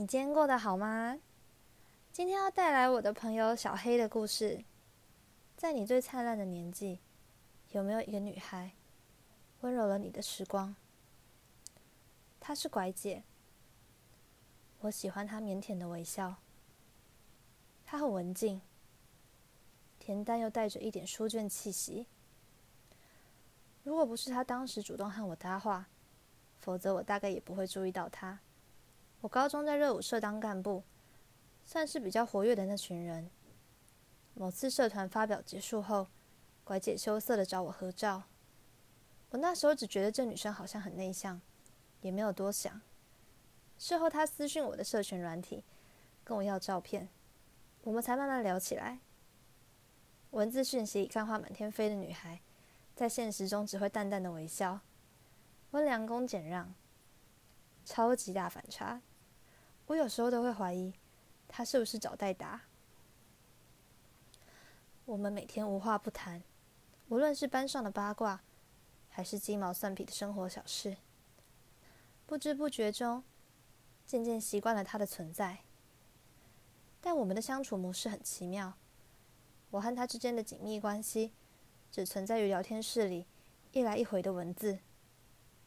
你今天過得好嗎？今天要帶來我的朋友小黑的故事。在你最燦爛的年紀，有沒有一個女孩溫柔了你的時光？她是拐姐。我喜歡她靦腆的微笑。她很文靜，恬淡又帶着一點書卷氣息。如果不是她當時主動和我搭話，否則我大概也不會注意到她。我高中在熱舞社當幹部，算是比較活躍的那群人。某次社團發表結束後，柺姊羞澀的找我合照。我那時候只覺得這女生好像很內向，也沒有多想。事後她私訊我的社群軟體，跟我要照片，我們才慢慢聊起來。文字訊息裡幹話滿天飛的女孩，在現實中只會淡淡的微笑，溫良恭儉讓，超級大反差。我有時候都會懷疑，他是不是找代打。我們每天無話不談，無論是班上的八卦，還是雞毛蒜皮的生活小事。不知不覺中，漸漸習慣了他的存在。但我們的相處模式很奇妙，我和他之間的緊密關係，只存在於聊天室裡，一來一回的文字，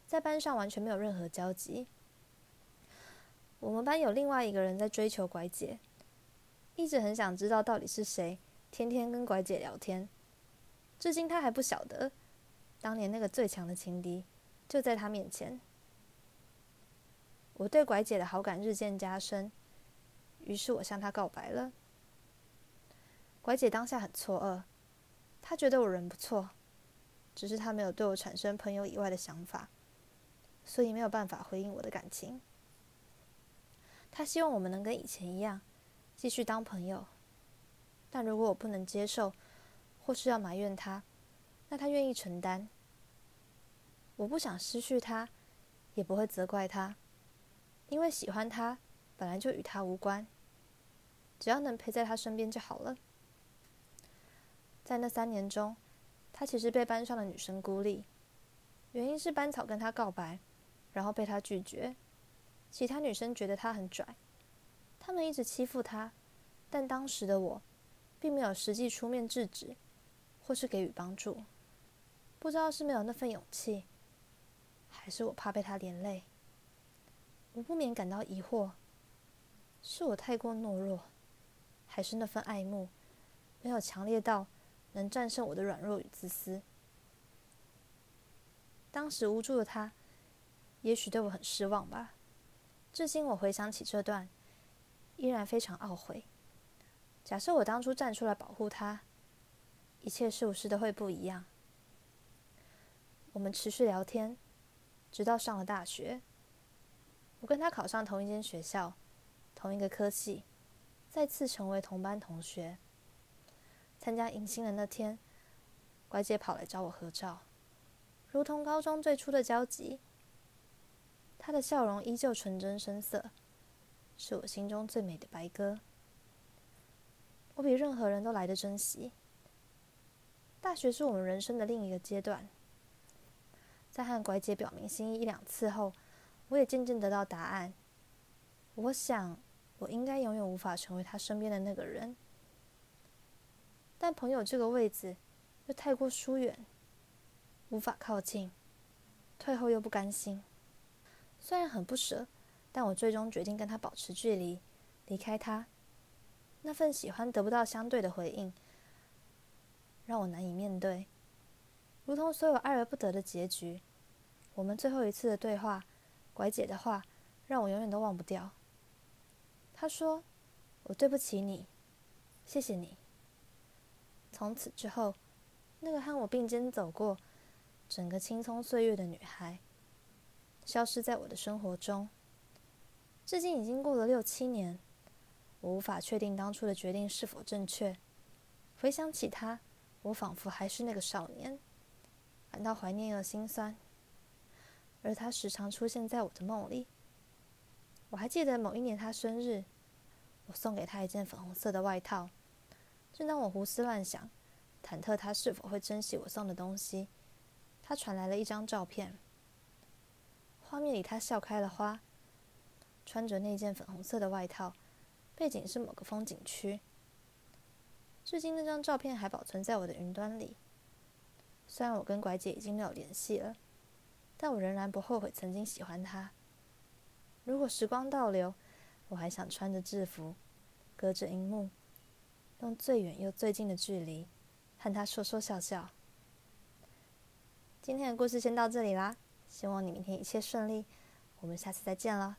在班上完全沒有任何交集。我們班有另外一個人在追求拐姐，一直很想知道到底是誰，天天跟拐姐聊天，至今他還不曉得，當年那個最強的情敵就在他面前。我對拐姐的好感日漸加深，於是我向她告白了。拐姐當下很錯愕，她覺得我人不錯，只是她沒有對我產生朋友以外的想法，所以沒有辦法回應我的感情。他希望我們能跟以前一樣，繼續當朋友。但如果我不能接受，或是要埋怨他，那他願意承擔。我不想失去他，也不會責怪他，因為喜歡他本來就與他無關。只要能陪在他身邊就好了。在那三年中，他其實被班上的女生孤立，原因是班草跟他告白，然後被他拒絕。其他女生覺得她很拽，她們一直欺負她，但當時的我，並沒有實際出面制止，或是給予幫助。不知道是沒有那份勇氣，還是我怕被她連累。我不免感到疑惑：是我太過懦弱，還是那份愛慕，沒有強烈到能戰勝我的軟弱與自私？當時無助的她，也許對我很失望吧。至今我回想起這段，依然非常懊悔。假設我當初站出來保護他，一切是不是都會不一樣？我們持續聊天，直到上了大學，我跟他考上同一間學校，同一個科系，再次成為同班同學。參加迎新的那天，柺姊跑來找我合照，如同高中最初的交集。他的笑容依舊純真深色，是我心中最美的白鴿。我比任何人都來得珍惜。大學是我們人生的另一個階段，在和柺姊表明心意一兩次後，我也漸漸得到答案。我想，我應該永遠無法成為他身邊的那個人，但朋友這個位置又太過疏遠，無法靠近，退後又不甘心。雖然很不捨，但我最終決定跟他保持距離，離開他。那份喜歡得不到相對的回應，讓我難以面對。如同所有愛而不得的結局，我們最後一次的對話，拐姐的話讓我永遠都忘不掉。她說：“我對不起你，謝謝你。”從此之後，那個和我並肩走過整個青蔥歲月的女孩。消失在我的生活中。至今已經過了六七年，我無法確定當初的決定是否正確。回想起他，我仿佛還是那個少年，感到懷念又心酸。而他時常出現在我的夢裡。我還記得某一年他生日，我送給他一件粉紅色的外套。正當我胡思亂想，忐忑他是否會珍惜我送的東西，他傳來了一張照片。畫面裡，他笑開了花，穿着那件粉紅色的外套，背景是某個風景區。至今，那張照片還保存在我的雲端裡。雖然我跟拐姐已經沒有聯繫了，但我仍然不後悔曾經喜歡她。如果時光倒流，我還想穿着制服，隔着熒幕，用最遠又最近的距離，和她說說笑笑。今天的故事先到這裡啦。希望你明天一切順利，我們下次再見了。